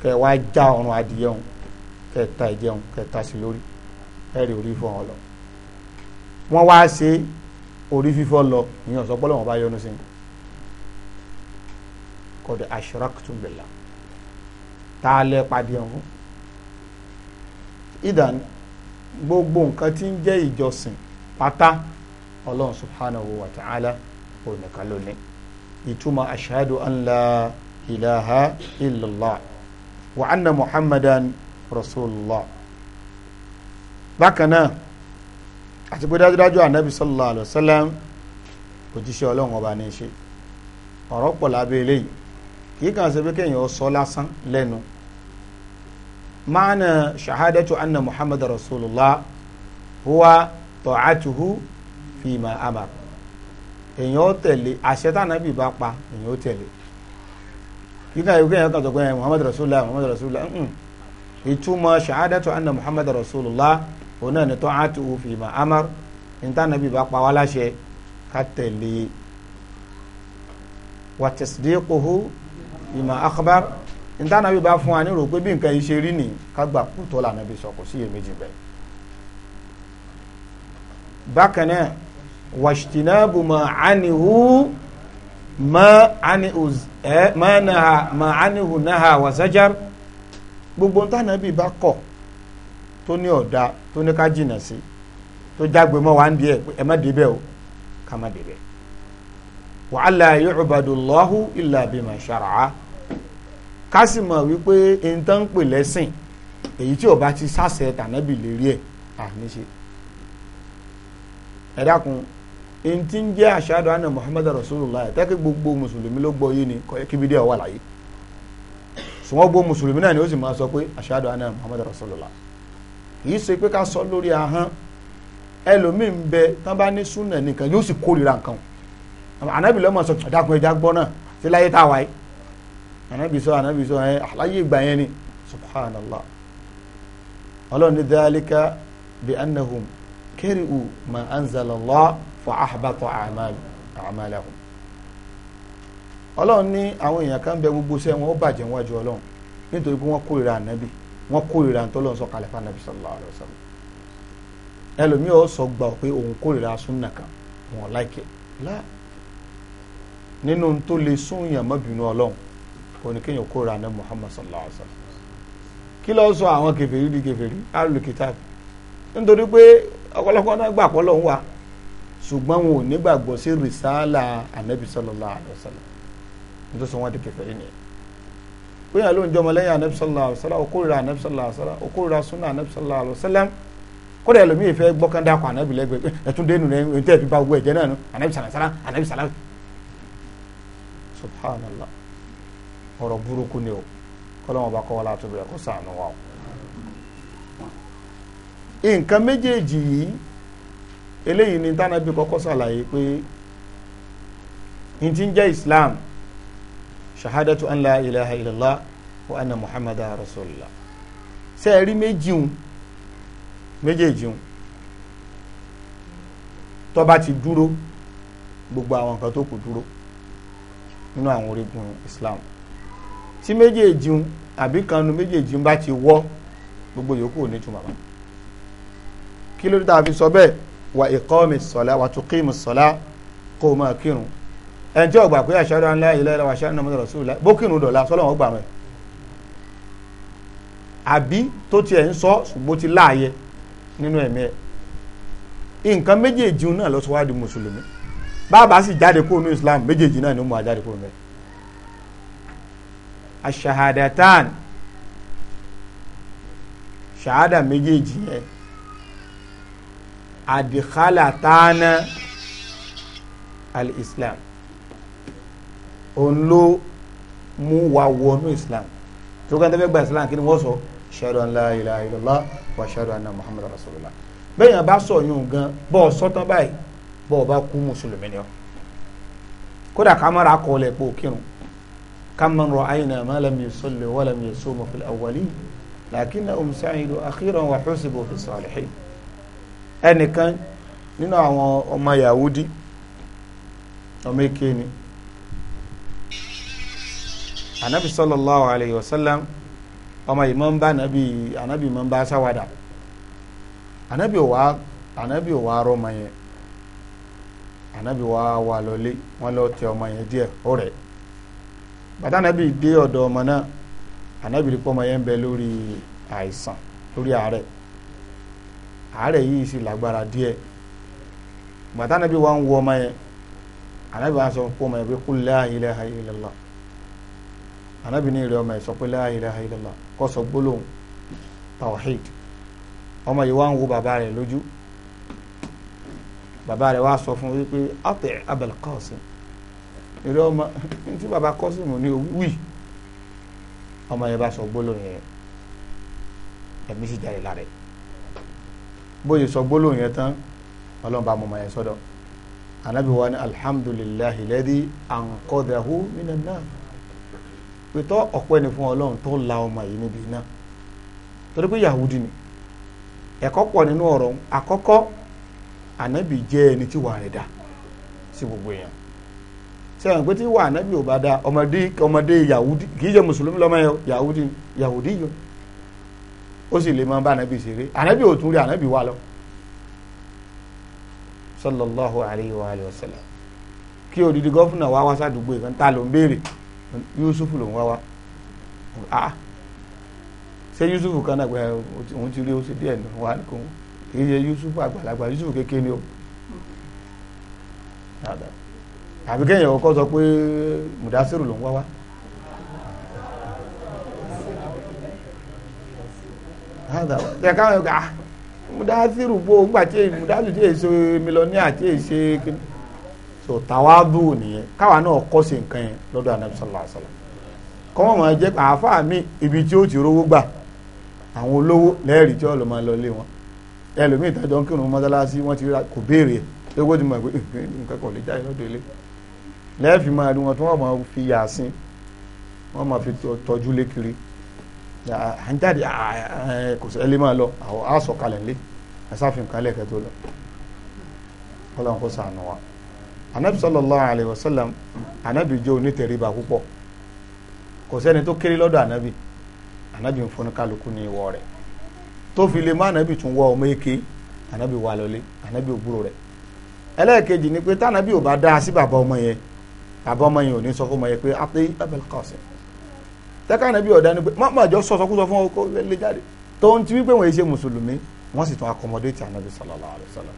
kẹ wá já ọrùn adìyẹ wọn kẹ ta ẹ̀jẹ̀ wọn kẹ ta sí lórí ẹ rí orí fọ́ wọn lọ wọ́n wá ṣe orí fífọ́ lọ ìyẹn ọsọ gbọdọ wọn bá yọnu sí i kọdẹ ashraktum billah tá a lẹ pàdé wọn idan gbogbo nǹkan tí ń jẹ́ ìjọsìn pátá ọlọ́run subhanahu wa ta'ala onìkan lónìí ìtumọ̀ ashhadu an la ilaha illallah wa anna muhammadan rasulullah bákan náà àti pé dájúdájú ànábì sallallahu alayhi wa sallam òjíṣẹ́ ọlọ́run ọba ní í ṣe ọ̀rọ̀ pọ̀ lábẹ́ eléyìí kì í kàn ṣe pé kéèyàn sọ lásán lẹ́nu معنى شهادة أن محمد رسول الله هو طاعته فيما أمر èèyàn ó tẹ̀lé àṣẹ táwọn ẹbí bá pa èèyàn ó tẹ̀lé kíkà yìí kéèyàn kan sọ pé muhammad rasulillah muhammad rasulillah nǹkan ìtumọ̀ ṣahadatu anna muhammad rasulillah òun náà ni tó á tu fi ma amar nítawọn ẹbí bá pa wá láṣẹ ká tẹ̀lé wa tasdiquhu fi ma akhbar níta nàbí bá fún wa ní rò pé bí nǹkan yìí ṣe rí nìyí ká gbà kú tó lànà bí sọ kò sí iyèméjì bẹ́ẹ̀. bákan náà wàṣìtìnàbù mọ̀ ànihu mọ̀ ànihu náà wàsájàr gbogbo níta nàbí bá kọ̀ tó ní ọ̀dà tó ní ká jìnà sí tó jágbe mọ́ wa ń bí ẹ̀ ẹ̀ má débẹ̀ o ká má débẹ̀. wàhálà yu'badu Allahu illa bima shar'a. ká mọ̀ wípé ẹni tó ń pè lẹ́sìn èyí tí ó bá ti sáṣẹ tànábì lérí ẹ̀ àníṣe ẹ dákun ẹni tí ń jẹ́ àṣàdù àná Muhammad Rasulullah tẹ́kẹ́ gbogbo mùsùlùmí ló gbọ́ yé ni kíbídé ọ̀wà láyé ṣùgbọ́n gbogbo mùsùlùmí náà ni ó sì máa sọ pé àṣàdù àná Muhammad Rasulullah kì í ṣe pé ká sọ lórí ahọ́n ẹlòmíín bẹ tán bá ní súnà nìkan yóò sì kórìíra nǹkan ànábì lọ́mọ sọ dákun ẹja gbọ́ náà sí láyé táwa yìí ànábì sọ ànábì sọ ẹ àlàyé ìgbà yẹn ni subhanallah ọlọ́run ní dhalika bi annahum karihu ma anzalallah fa ahbata a'malahum ọlọ́run ní àwọn èèyàn kan bẹ gbogbo sẹ́ wọn ó bàjẹ́ wájú ọlọ́run nítorí pé wọ́n kórìíra ànábì wọ́n kórìíra ntọ́lọ́run sọ kalẹ̀ fún ànábì sallallahu alaihi wasallam ẹlòmíì ó sọ gbà pé òun kórìíra súnà kan wọn láìkẹ́ lá nínú tó lè ọlọ́run oníkéyàn kóra ní Muhammad sallallahu alaihi wa sallam kí ló sọ àwọn kèfèrí di kèfèrí alùkìtàbí nítorí pé ọ̀pọ̀lọpọ̀ náà gbà pọ́lọ́ ń wà ṣùgbọ́n wọn ò nígbàgbọ́ sí rìsáàlà anabi sallallahu alaihi wa sallam nítorí sọ wọn di kèfèrí nìyẹn péyàn ló ń jọmọ lẹ́yìn anabi sallallahu alaihi wa sallam okórira anabi sallallahu alaihi wa sallam okórira sunna anabi sallallahu alaihi wa sallam kódà ẹlòmíì fẹ́ gbọ́kàn dákọ̀ anabi lẹ́gbẹ̀ẹ́ ẹ̀tún dénú rẹ̀ ẹ̀ tẹ́ ẹ̀ fi ba gbogbo ẹ̀jẹ̀ náà nù anabi sallallahu alaihi wa sallam subhanallah ọ̀rọ̀ burúkú ni o kọ́lọ́mọba kọ́ wọ́n látọ̀ bẹ̀rẹ̀ kó sànù wa o. nǹkan méjèèjì yìí eléyìí ni tánàbí kọ́kọ́ ṣàlàyé pé n ti ń jẹ́ Islam shahadatu an la ilaha illallah wa anna muhammadu rasulillah sẹ́ẹ̀rí méjìun méjèèjìun tó bá ti dúró gbogbo àwọn nǹkan tó kù dúró nínú àwọn orígun Islam tí méjèèjì ń àbí kanu méjèèjì ń bá ti wọ́ gbogbo yòókù ò ní túmọ̀ bá kí ló dé tá a fi sọ bẹ́ẹ̀ wà ìkọ́mi sọ̀lá wà tó kíìmù sọ̀lá kó o máa kírun ẹni tí ọgbà pé àṣà ńlá ilẹ̀ ìlà wàṣà ńlá mọ́tò rasulullah bó kírun dọ̀la sọ́lọ́ wọn gbà wọn àbí tó tiẹ̀ ń sọ ṣùgbọ́n ti láàyè nínú ẹ̀mí ẹ̀ nǹkan méjèèjì náà ló sọ wá di mùsùlùmí bàbá sì jáde kó o ní islam méjèèjì náà ni ó mú wa jáde kó o mẹ́ẹ̀ ashahadatan ṣahada méjèèjì yẹn adìkálàtánà al-islam òun ló mú wa wọnú islam tó kàn tó fẹ́ gba islam kí ni wọ́n sọ ṣẹ́rọ ńlá ilá ilọ́lá wà ṣẹ́rọ anna muhammadu rasulullah bẹ́ẹ̀ yẹn bá sọ yún gan bọ́ ọ sọ́tàn báyìí bọ́ ọ bá kú mùsùlùmí ni ọ kódà ká kọ́ ọ lẹ̀ pé كمن رأينا ما لم يصل ولم يصوم في الأولين لكنهم سعدوا أخيرا وحسبوا في الصالحين ẹnìkan nínú àwọn ọmọ yahudi ọmọ èké ni anabi sallallahu alayhi wa sallam ọmọ yìí máa ń bá anabi anabi máa ń bá sáwádà anabi wa anabi wa rọ ọmọ yẹn anabi wa wà lọlé wọn lọ tẹ ọmọ yẹn díẹ̀ ó rẹ̀ bàtà ànábì dé ọ̀dọ̀ ọmọ náà ànábì rí pọ́mọ yẹn ń bẹ lórí àìsàn lórí àárẹ̀ àárẹ̀ yìí sì lágbára díẹ̀ bàtà ànábì wa ń wọ ọmọ yẹn ànábì wa sọ pọ́mọ yẹn pé kul la ilaha illallah ànábì ní ìrẹ́ ọmọ yẹn sọ pé la ilaha illallah kó sọ gbólóhùn tawhid ọmọ yìí wá ń wo bàbá rẹ̀ lójú bàbá rẹ̀ wá sọ fún wípé àtẹ̀ Abul Qasim èrè ọmọ tí baba kọ́sìmù ní wí ọmọ yẹn bá sọ gbólóhùn yẹn ẹ̀mí sì jáde lára ẹ̀ bóyá sọ gbólóhùn yẹn tán ọlọ́run bá mọ ọmọ yẹn sọ́dọ̀ anabi wa ni alhamdulillahi lẹ́dí ànkọ́dàhù nínú náà pẹ̀tọ́ ọ̀pẹ́ ni fún ọlọ́run tó la ọmọ yìí níbi náà torí pé yahudi ni ẹ̀kọ́ pọ̀ nínú ọ̀rọ̀ àkọ́kọ́ anabi jẹ́ ẹni tí wàá rẹ̀ dá sí gbogbo èèyàn sẹ́yìn pé tí wà nábì ò bá da ọmọdé ọmọdé yahudi kì í ṣe mùsùlùmí lọ́mọ yahudi yahudi yọ ó sì lè máa bá ànábì ṣeré ànábì ò tún rí ànábì wà lọ sallallahu alayhi wa alayhi wa sallam kí odidi gọ́fúnà wá wá sádùúgbò ìkan ta ló ń béèrè yusuf ló ń wá wá ah ṣé yusuf kan náà gbẹ òun ti rí oṣù díẹ̀ náà wà kò kì í ṣe yusuf àgbàlagbà yusuf kékeré ni àbí kéèyàn kọ́kọ́ sọ pé mùdásírù ló ń wá wá ah, mùdásírù bó gbà tí mùdásírù tí èso mílíọ̀nìyà tí èso so tawadu nìyẹn káwa náà kọ́ ibi tí ó ti rówó gbà àwọn olówó lẹ́ẹ̀rí tí ọlọ́mọ lọ lé wọn ẹlòmíì ń kírun wọ́n ti kò béèrè ẹ̀ lẹ́ẹ̀fì máa rí wọn tí wọ́n máa fi yà sí wọ́n máa fi tọ́jú lékiri à ń jáde kò sí ẹlẹ́ máa lọ àwọn àsọ̀kalẹ̀ lé ẹ̀sáfin kan lẹ́ẹ̀kẹ́ tó lọ ọlọ́run kó sànù wa anabi sallallahu alayhi wa sallam anabi jẹ́ onítẹríba púpọ̀ kò sẹ́ni tó kéré lọ́dọ̀ anabi anabi ń fún kálukú ní ìwọ rẹ̀ tó fi lè má anabi tún wọ ọmọ èké anabi wà lọlé anabi ògbúrò rẹ̀ ẹlẹ́ẹ̀kejì ni pé tànàbí ò bá dáa sí bàbá ọmọ yẹn bàbá ọmọ yẹn ò ní sọ fún ọmọ yẹn pé àti abẹ́lẹ̀ kọ̀ọ̀sẹ̀ tẹ́ka nàbí ọ̀dá ni pé má má jọ sọ sọkúsọ fún ọkọ lè jáde tó ń ti wípé wọ́n yìí ṣe mùsùlùmí wọ́n sì tún accommodate anabi sallallahu alayhi wa sallam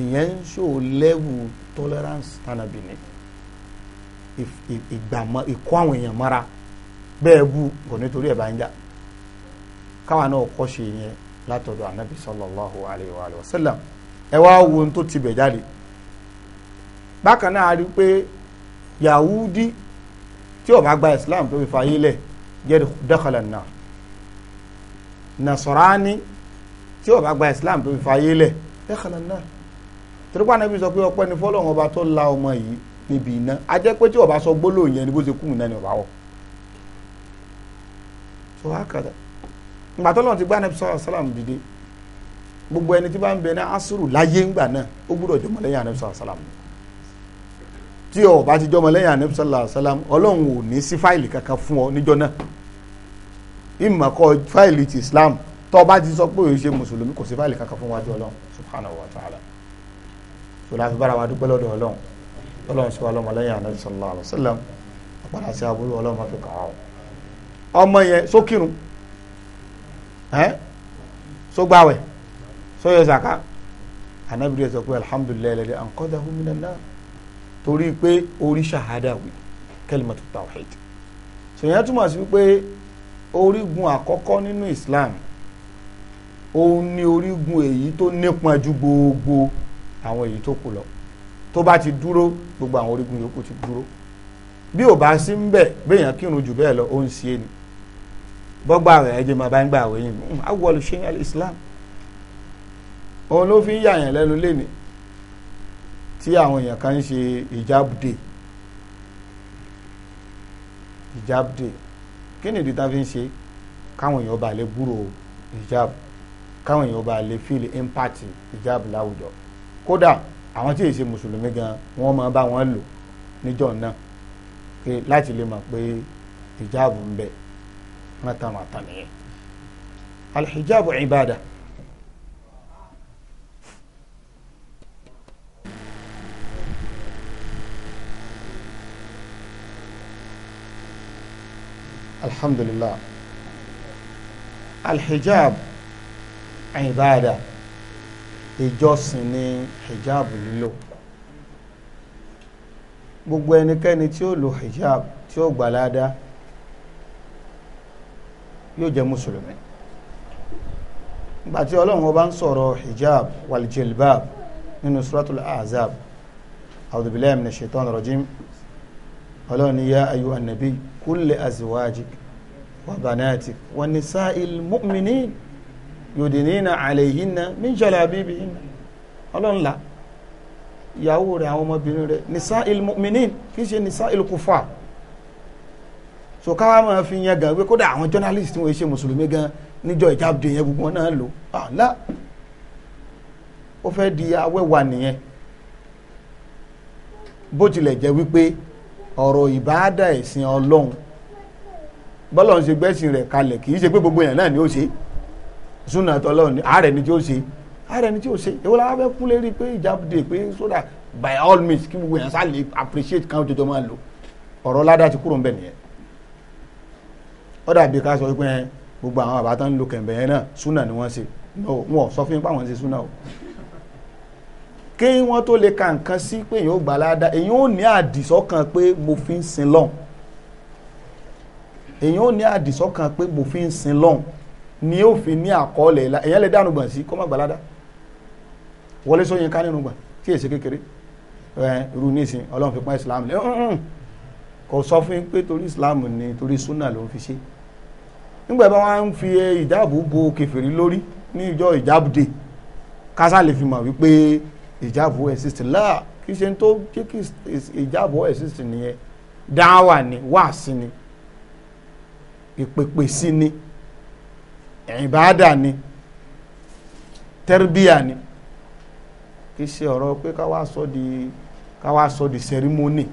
ìyẹn ń ṣò lẹ́wù tolerance anabi ni ìgbàmọ ìkó àwọn èèyàn mọ́ra bẹ́ẹ̀ bú kò nítorí ẹ̀ bá ń jà káwa náà kọ́ ṣe yẹn látọ̀dọ̀ anabi sallallahu alayhi wa sallam ẹ wá wo ohun tó yahudi tí ó bá gba islam tó fi fàyè lẹ̀ jẹ́ dakhala an-nar nasarani tí ó bá gba islam tó fi fàyè lẹ̀ dakhala an-nar torípa nàbí sọ pé ọpẹ́ ni fọ́lọ́run ọba tó la ọmọ yìí níbi iná a jẹ́ pé tí ó bá sọ gbólóhùn yẹn ni bó ṣe kú náà ni ó bá wọ̀ so hakada ìgbà tó lọ́n ti gbá nàbí sọ́ọ́ sálàm dìde gbogbo ẹni tí bá ń bẹ ní asúrù láyé ńgbà náà ó gbúdọ̀ jọmọ lẹ́yìn ànàbí sọ́ọ́ sálàm tí o bá ti jọmọ lẹ́yìn anabi sallallahu alayhi wa sallam ọlọ́run ò ní sí fáìlì kankan fún ọ níjọ náà ìmọ̀ kọ fáìlì ti islam tó o bá ti sọ pé o ṣe mùsùlùmí kò sí fáìlì kankan fún wájú ọlọ́run subhanahu wa ta'ala sọlá fi bára wa dúpẹ́ lọ́dọ̀ ọlọ́run ọlọ́run ṣe wa lọ́mọ lẹ́yìn anabi sallallahu alayhi wa sallam ọ̀padà sí aburú ọlọ́run máa fi kà á ọmọ yẹn sókìrun sógbàwẹ̀ sóyè zaka anabi rẹ̀ sọ pé alhamdulilayi lẹ́dẹ̀ ànkọ́dà hùmìnà torí pé orí ṣàhádà wí kalimatu tawhid sèyàn túmọ̀ sí pé orígun àkọ́kọ́ nínú Islam òun ni orígun èyí tó nípọn ju gbogbo àwọn èyí tó kù lọ tó bá ti dúró gbogbo àwọn orígun yòókù ti dúró bí ò bá sí ń bẹ̀ béèyàn kírun jù bẹ́ẹ̀ lọ ó ń ni bọ́gbà rẹ̀ ẹ̀jẹ̀ máa bá ń gbà wẹ̀yìn hmm, awọ́lu ṣẹ́yìn Islam òun ló fi ń yàyàn lẹ́nu lénìí tí àwọn èèyàn kan ń ṣe ìjábùdè ìjábùdè kí ni ìdí tá fi ń ṣe káwọn èèyàn bá lè gbúrò ìjáb káwọn èèyàn bá lè feel impact ìjáb láwùjọ kódà àwọn tí èyí ṣe mùsùlùmí gan wọ́n máa bá wọn lò níjọ́ náà pé láti lè mọ̀ pé ìjáb ń bẹ wọn tàn wọn tàn nìyẹn alhijab ibada. alhamdulillah alhijab ibada ìjọsìn ni hijab lílò gbogbo ẹnikẹ́ni tí ó lo hijab tí ó gbàládá yóò jẹ́ mùsùlùmí gbàtí ọlọ́run ọba ń sọ̀rọ̀ hijab waljilbab nínú suratul azab a'udhu billahi minash shaitanir rajim ọlọ́run ni ya ayyuhan nabiy kulli azwajik wa banatik wa nisa'il mu'minin yudinina alayhinna min jalabibihinna ọlọ́nla ìyàwó rẹ̀ àwọn ọmọbìnrin rẹ̀ nisa'il mu'minin kì í ṣe nisa'il kufar so káwá máa fi yan gan pé kódà àwọn journalist wọn ṣe mùsùlùmí gan níjọ ìjáde yẹn gbogbo náà lò àlá ó fẹ́ di awẹ́wà nìyẹn bó tilẹ̀ jẹ́ wípé ọ̀rọ̀ ìbáàdà ẹ̀sìn ọlọ́run bọ́lọ̀ ń ṣe gbẹ́sìn rẹ̀ kalẹ̀ kì í ṣe pé gbogbo èèyàn náà ni ó ṣe súnà tọ́lọ́run ààrẹ ni tí ó ṣe ààrẹ ni tí ó ṣe èwo la wá fẹ́ kú lérí pé ìjábùdè pé sódà by all means kí gbogbo èèyàn sá lè appreciate káwọn tó jọ máa lò ọ̀rọ̀ ládàá ti kúrò ń bẹ̀ nìyẹn ó dàbí ká sọ pé gbogbo àwọn àbátan ń lo kẹ̀m̀bẹ̀ yẹn náà súnà ni wọ́n ṣe wọn ò sọ fún yín pé àwọn ń ṣe súnà o kí wọ́n tó lè ka nǹkan sí pé èyàn ò gbà ládàá èyàn ò ní àdìsọ́kàn pé mo fi ń sin lọ́hùn èyàn ò ní àdìsọ́kàn pé mo fi ń sin lọ́hùn ni yóò fi ní àkọọ́lẹ̀ la èyàn lè dànù gbọ̀n sí kó má gbà ládàá Wọlé Ṣóyínká nínú gbọ̀n tí èsì kékeré ẹ irú nísìn Ọlọ́run fi pọ́n Islam lé kò sọ fún yín pé torí Islam ni torí sunna ló fi ṣe nígbà bá wọn ń fi ìdáàbò bo kèfèrí lórí ní ìjọ ìjábùdè kásá lè fi mọ̀ wípé ìjáàbò exist láà kì í ṣe tó jẹ́ kí ìjáàbò exist nìyẹn dáwà ni wáàsí ni ìpèpè sí ni ìbáàdà ni tẹ́rbíà ni kì í ṣe ọ̀rọ̀ pé ká wá sọ di ká wá sọ di sẹ́rímónì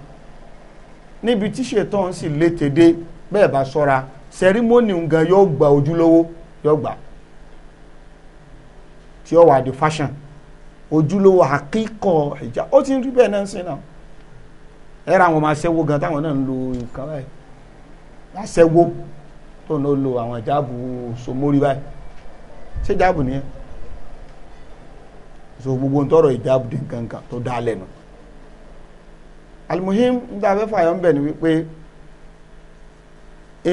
níbi tí ṣètọ́n sì létedé bẹ́ẹ̀ bá sọ́ra sẹ́rímónì nǹkan yóò gba ojúlówó yóò gbà tí ó wà di fashion. ojúlówó àkíkọ̀ ìjà ó ti ń rí bẹ́ẹ̀ náà sí náà ẹ̀rọ àwọn ọmọ aṣẹ́wó gan táwọn náà ń lo nǹkan báyìí asewo tó ń lo àwọn ìjáàbù sòmórí báyìí ṣé ìjáàbù nìyẹn so gbogbo ntọrọ ìjáàbù dín kankan tó dá lẹ́nu alimuhim níta fẹ́ fàyọ̀ ń bẹ̀ ni wípé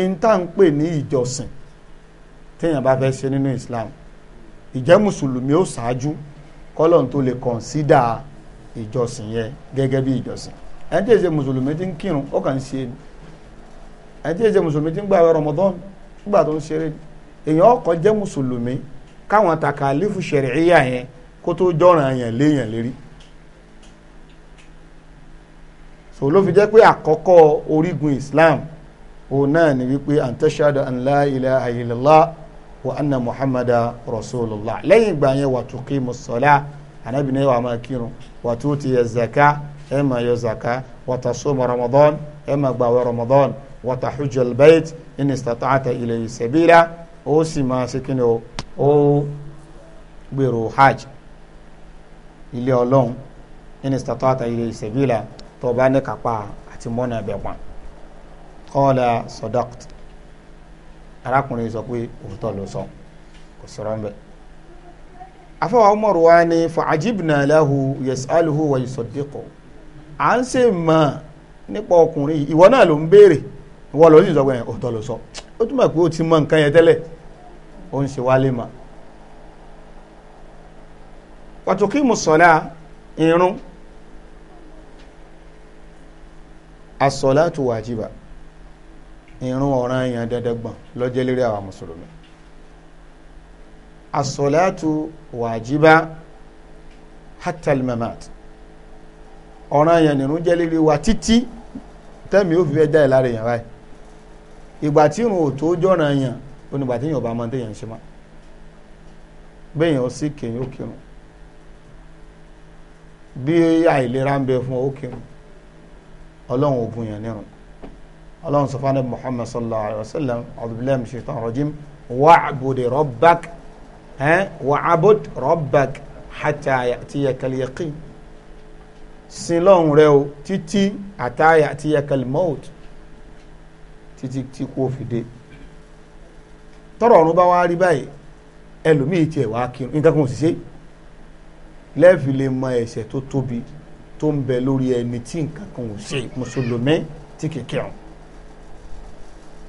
ìntà ń pè ní ìjọsìn téèyàn bá fẹ́ ṣe nínú kọ́lọ́n tó lè kọ̀nsídà ìjọsìn yẹn gẹ́gẹ́ bí ìjọsìn ẹni tí èsè mùsùlùmí ti ń kírun ó kàn ń ṣe ni ẹni tí èsè mùsùlùmí ti ń Ramadan nígbà tó ń ṣeré ni èèyàn ọkọ̀ jẹ́ mùsùlùmí káwọn takalifu ṣẹ̀ríyà yẹn kó tó jọ̀ràn yẹn léèyàn lérí so ló fi jẹ́ pé àkọ́kọ́ orígun Islam òun náà ni wípé antashadu an wa anna muhammadu rasulillah lẹ́yìn ìgbà yẹn wà tó kí musọ́lá anabi ní wàá máa kírun wà tó ti yẹ zaka ẹ máa yọ zaka wà tó sọmọ ramadan ẹ máa gbàwé ramadan wà tó hujjal bayt in istata'ta ilayhi sabila ó sì máa ṣe kí ni ó gbèrò hajj ilé ọlọ́run in istata'ta ilayhi sabila tó bá ní kápá àti mọ́nà ẹ̀bẹ̀ pọ́n qala sadaqta arákùnrin sọ pé òótọ́ ló sọ kò sí rọ́ńbẹ́ afọwọ́ Umar wa ni fa'ajibna lahu yas'aluhu wa yusaddiqu à ń sè mọ̀ nípa ọkùnrin ìwọ náà ló ń béèrè ìwọ ló ń sọ pé òótọ́ ló sọ ó túmọ̀ pé ó ti mọ nǹkan yẹn tẹ́lẹ̀ ó ń ṣe wálé mọ́ wàtòkí musọ̀lá irun asọ̀lá tó wàjibà irun ọ̀ràn èèyàn dandangbọ̀n lọ́jẹ́ lérí àwọn mùsùlùmí asọ̀láàtù wàjíbá hatal mamat ọ̀ràn èèyàn nìrún jẹ́ lérí wa títí tẹ́mi ó fi fẹ́ jáde lára èèyàn báyìí ìgbà tí irun ò tó jọ̀ràn èèyàn onígbà tí èèyàn ò bá mọ téèyàn ń ṣe mọ́ bẹ́ẹ̀yàn ó sì kéèyàn ó kírun bí àìlera ń bẹ fún ó kírun ọlọ́run ò bùn yàn nírun ọlọ́run sọ fún muhammad sallallahu alayhi wa sallam abdullahi shaitan rajim wa'bud rabbak eh, wa'bud rabbak hatta ya'tiyakal yaqin sin lọ́run rẹ o títí hatta ya'tiyakal maut títí tí kò fi dé tọ́rọ̀ ọ̀run bá wá rí báyìí ẹlòmíì tiẹ̀ wá kírun nǹkan kan ò sì ṣe lẹ́ẹ̀fì lè mọ ẹ̀ṣẹ̀ tó tóbi tó ń bẹ lórí ẹni tí nǹkan kan ò ṣe mùsùlùmí tí kìkìrùn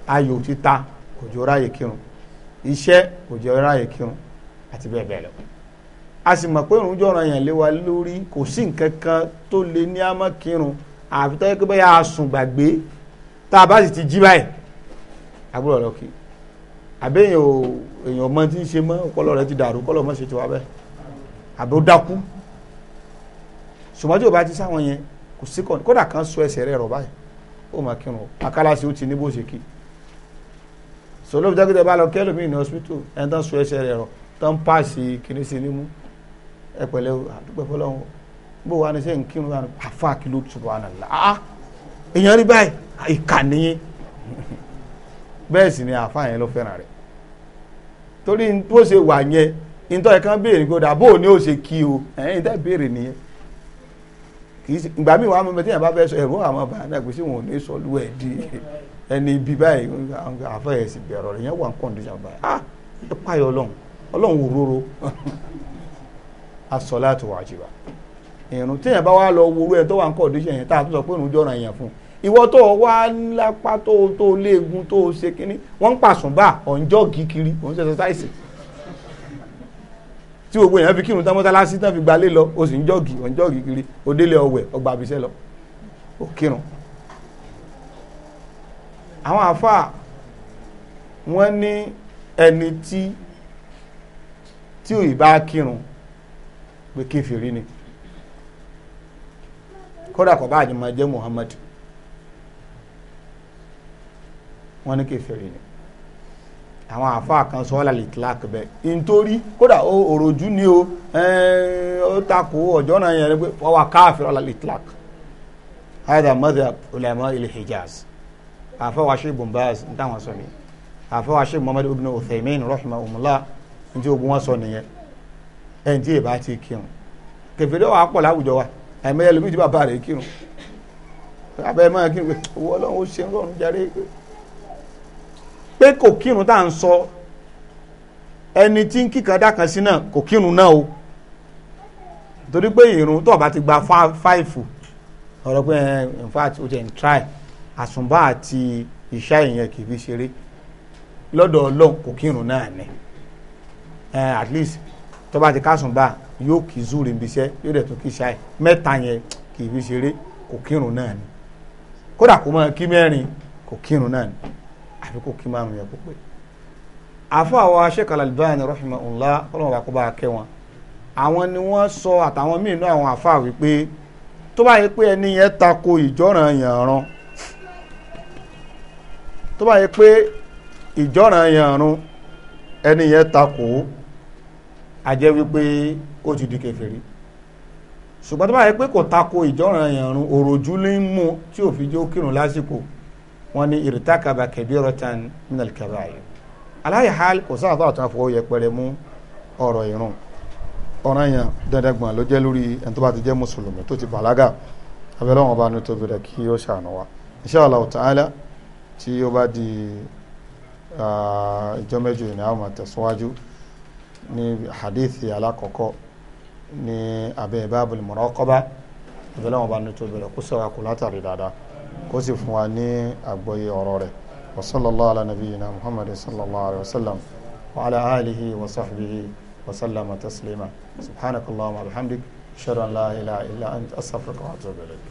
ayò títa kò jọ ráyè kírun iṣẹ́ kò jọ ráyè kírun àti bẹ́ẹ̀ bẹ́ẹ̀ lọ a sì mọ̀ pé ìrun jọ̀ràn yẹn lé wa lórí kò sí nǹkan kan tó lè ní àmọ́ kírun àfi tó yẹ pé bẹ́ẹ̀ a sùn gbàgbé tá a bá sì ti jí báyìí agbúrò lọ kí àbẹ èèyàn ò èèyàn ọmọ tí ń ṣe mọ ọpọlọ rẹ ti dàrú kọlọ mọ ṣe ti wá bẹ́ẹ̀ àbẹ ó dákú ṣùgbọ́n tí o bá ti sáwọn yẹn kò sí kọ́ni kan sọ ẹsẹ̀ rẹ̀ rọ̀ báyìí ó máa kírun akálàsì ó ti ní bó ṣe kí i so ló fi jẹ́ kí tẹ bá lọ kẹ́lòmíì ní hospital ẹni tán so ẹsẹ̀ rẹ̀ rọ tán paasi kìíní sí nímú ẹ pẹ̀lẹ́ àdúgbò fọlọ́wọ́ bó wà ní sẹ́yìn kírun wà ní àfa kìlú subhanallah ah èèyàn rí báyìí ìkà nìyí bẹ́ẹ̀ sì ni àfa yẹn ló fẹ́ràn rẹ̀ torí bó ṣe wà yẹn nítorí ẹ̀ kan béèrè kó dà bó o ní o ṣe kí o ẹ̀yìn tẹ́ béèrè nìyẹn kì í ṣe ìgbà míì wà á mọ̀ di ẹni ibi báyìí àfẹ́ ẹ̀ sì bẹ̀rọ̀ rẹ̀ yẹn wà ń kọ́ndíṣà báyìí ah ẹ páyọ̀ ọlọ́run ọlọ́run òróró asọ́láàtò wàjìbà ìrùn téèyàn bá wá lọ wúrú ẹ tó wà ń kọ́ndíṣà yẹn tá a tún sọ pé òun jọ̀ràn yẹn fún ìwọ tó wá lápá tó tó léegun tó ṣe kínní wọ́n ń pàṣùn bá ọ̀njọ́ kíkiri òun ṣe ṣẹ́ṣáìsì tí gbogbo èèyàn fi kírun tán mọ́tálásí tán fi gbalé lọ o sì ń jọ́ọ̀gì ọ̀njọ́ọ̀gì kiri òdélé ọ̀wẹ̀ ọgbà àbíṣẹ́ lọ òkírun àwọn àfáà wọ́n ní ẹni tí tí ò bá kírun pé kéfìrí ni kódà kò bá àjùmọ̀ jẹ́ Muhammad wọ́n ní kéfìrí ni àwọn àfáà kan sọ ọ́lá litlak bẹ́ẹ̀ nítorí kódà òròjú ni o ó takò ọjọ́ náà yẹn pé wọ́n wà káàfin ọ́lá litlak hadha madhhab ulama il àfọwáṣe bombaz ń táwọn sọ nìyẹn àfọwáṣe muhammad ibn uthaymin rahimahumullah ní tí ogun wọn sọ nìyẹn ẹni tí èèbá ti kírun kẹfìdọ́ wa pọ̀ láwùjọ wa ẹ̀mí ẹlòmíì ti bàbá rẹ̀ kírun abẹ́ máa kírun owó ọlọ́run ó ṣe ń rọrùn jáde pé kò kírun tá à ń sọ ẹni tí ń kíkan dákan sí náà kò kírun náà o torí pé ìrun tó o bá ti gba fáìfù ọ̀rọ̀ pé in fact o ti ń try àsùnbà àti ìṣá ìyẹn kì í fi ṣeré lọ́dọ̀ ọlọ́run kò kírun náà ni at least tó bá ti kásùnbà yóò kì í zúre ibi iṣẹ́ yóò dẹ̀ tún kì í ṣá ẹ̀ mẹ́ta yẹn kì í fi ṣeré kò kírun náà ni kódà kó máa kí mẹ́rin kò kírun náà ni àfi kò kí márùn yẹn kó pé àfọ àwọn Sheikh Al-Albani rahimahullah ọlọ́run bá kó bá kẹ́ wọn àwọn ni wọ́n sọ àtàwọn míì náà àwọn àfáà wípé tó bá yẹ pé ẹni yẹn tako ìjọ́ràn yẹn rán tó bá yẹ pé ìjọ́ràn yànrun ẹni yẹn takò á jẹ́ wípé ó ti di kèfèrí ṣùgbọ́n tó bá yẹ pé kò takò ìjọ́ràn yànrun òròjú ní mú tí ò fi jẹ́ kírun lásìkò wọn ni irtakaba kabiratan minal kabair aláyè hal kò sáà fáwọn tó ń fọwọ́ yẹpẹrẹ mú ọ̀rọ̀ ìrun ọ̀ràn yẹn dandangbọ̀n ló jẹ́ lórí ẹni tó bá ti jẹ́ mùsùlùmí tó ti bàlágà abẹ́lẹ́wọ̀n ọba ní tóbi rẹ̀ kí ó ṣàánú wa insha Allah ta'ala tí ó bá di ìjọ mẹ́jọ ní àwọn máa tẹ̀síwájú ní hadithi alákọ̀ọ́kọ́ ní abẹ́ babul muraqaba ìbẹ̀lẹ̀ wọn bá ní tó bẹ̀rẹ̀ kó sọ̀rọ̀ kó látàrí dáadáa kó sì fún wa ní àgbọ́yé ọ̀rọ̀ rẹ̀ wa sallallahu ala nabiyyina muhammad sallallahu alayhi wa sallam wa ala alihi wa sahbihi wa sallama taslima subhanakallahumma wa bihamdik ashhadu an la ilaha illa anta astaghfiruka wa atubu ilayk